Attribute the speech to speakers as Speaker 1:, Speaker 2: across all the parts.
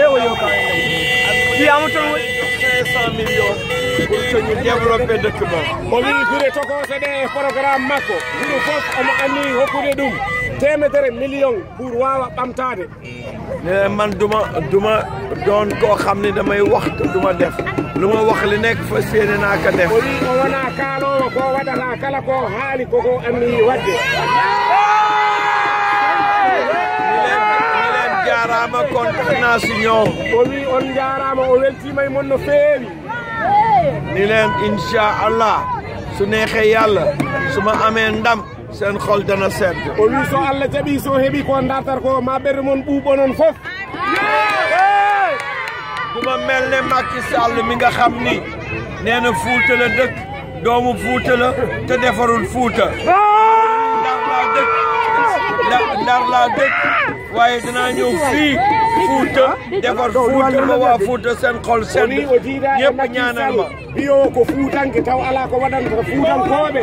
Speaker 1: réew yow ka kii million pour waawa ɓamtaade
Speaker 2: man duma duma doon koo xam ne damay duma def lu ma wax li nekk jaaraama kontaan naa si ni leen inchaallah su neexee yàlla su ma amee ndam seen xol dana sedd o wi so allah jaɓii so heɓii ko
Speaker 1: ko maa ɓerde mon ɓuuɓonon fof
Speaker 2: bu ma mel ne Macky Sall mi nga xam ni nee na la dëkk doomu Fuuta la defarul Fuuta ah! ndar dëkk ndar dëkk waaye dinaa ñëw fii Fuuta defar Fuuta ba waa Fuuta seen xol seen ñëpp ñaanal ma
Speaker 1: biyo ko fuutanke taw ala ko waɗanta fuutankoɓe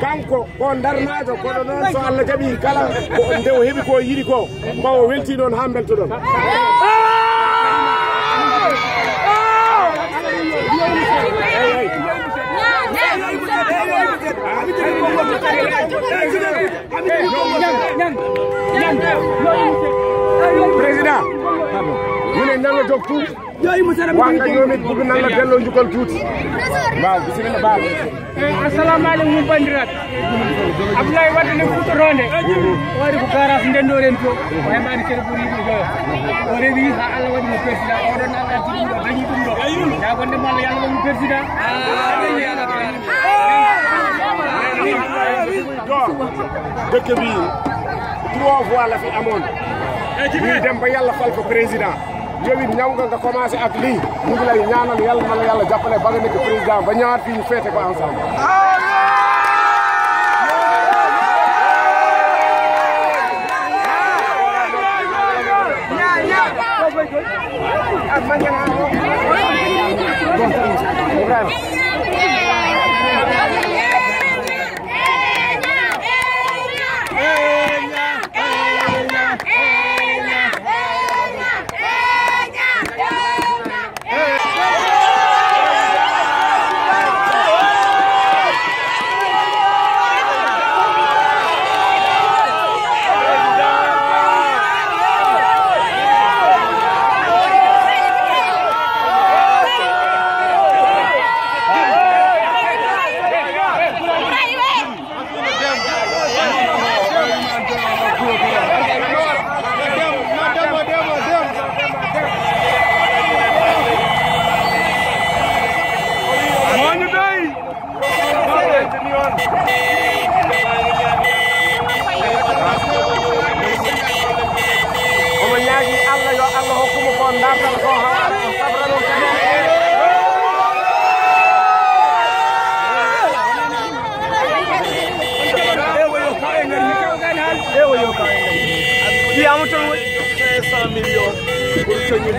Speaker 1: kanko ko darnajo kono noon so allah jaaɓi kala nde o heeɓi ko yiɗi ko mawo welti ɗon ha belto ɗon Hey, président mu ne na nga toog tuuti wax nga ñoom it bëgg na nga delloo njukkal tuuti waaw bisimilah baax asalaamaaleykum bandiraɓe abdoulaye wadde nde fuɗɗotonde o waɗi ko garage ndendoren to o heɓani kene ɓuuri yiɗi joyo o rewi ha allah waɗi mo président oɗon allah tigi ɗo dañi ɗum ɗo jagondema allah yo allah waɗimo président dëkk bi trois voix la fi amoon ñuy dem ba yàlla fal ko président yow it ñaw nga nga commencé ak lii ñu ngi lay ñaanal yàlla na la yàlla jàppale ba nga nekk président ba ñaar fii ñu féete ko ensemble Ibrahima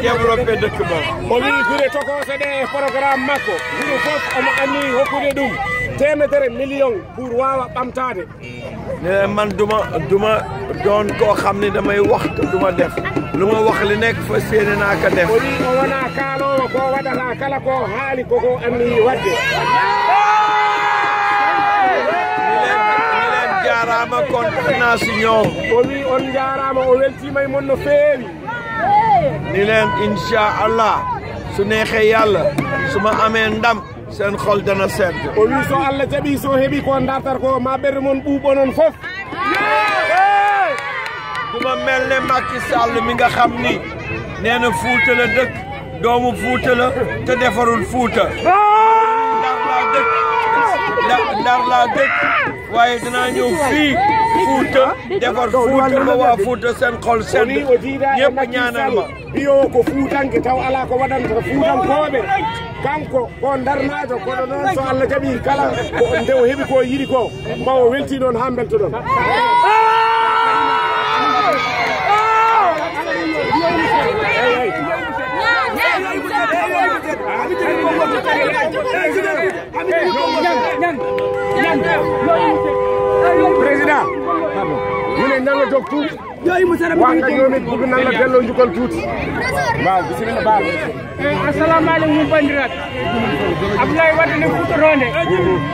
Speaker 1: développé dëkk ba o wii gure tokose ɗe programme makko gure fof omo anni hokkude ɗum téeméeri million pour waawa ɓamtaade
Speaker 2: ne man duma
Speaker 1: duma doon koo xam ne damay
Speaker 2: wax duma def lu ma wax li nekk fa séene naa ko def o wi
Speaker 1: o wonaa kaaloowo ko waɗataa kala ko haali koko anniyi waɗde
Speaker 2: jaarama kon naa si ñoom o wi on jaarama o weltima e mon no feewi ni leen inchallah su neexee yàlla su ma amee ndam seen xol dana sedd o wi so allah jaɓi heɓi ko
Speaker 1: dartar ko ma ɓerde moon ɓuuɓonon fof
Speaker 2: duma mel ne Macky Sall mi nga xam ni nee na dëkk doomu Fuuta la defarul Fuuta ndar laa dëkk ndar laa dëkk waaye dinaa ñëw fii Fuuta defar Fuuta ba waa Fuuta seen xol sedd ñëpp ñaanal ma
Speaker 1: ɓiyowo ko fuutanke taw ala ko waɗanta fuutankoɓe kanko ko darnajo kono noon so allah jaɓi kala nde o heeɓi ko yiɗi ko ma o welti noon ha belto ɗon a jóg tuuti wax nga yoon it bëgg nan la delloo njukkal tuuti waaw bisimilah baax eh, assalamualaikum bandirat abdoulaye wadde ne futotonde o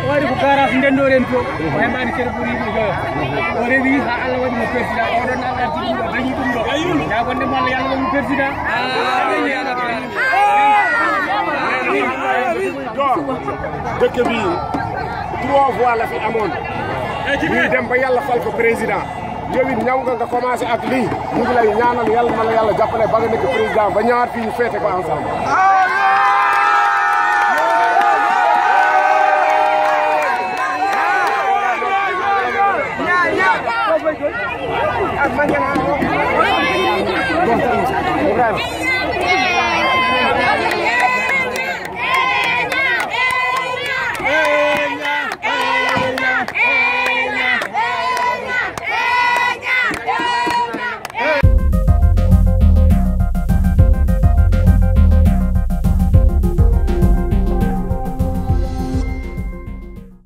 Speaker 1: waɗi ko garage ndendoren to o heɓani kere ɓuriɗo joyo o rewi ha allah waɗi mo président oɗon allah tigi o dañi ɗum ɗo jagonde bi trois fois la fi amoon eh, ñuy dem ba yàlla fal ko président yow it ñaw nga nga commencé ak lii ñu ngi lay ñaanal yàlla na la yàlla jàppale ba nga nekk président ba ñaar fii ñu féete ko ensemble. Ibrahima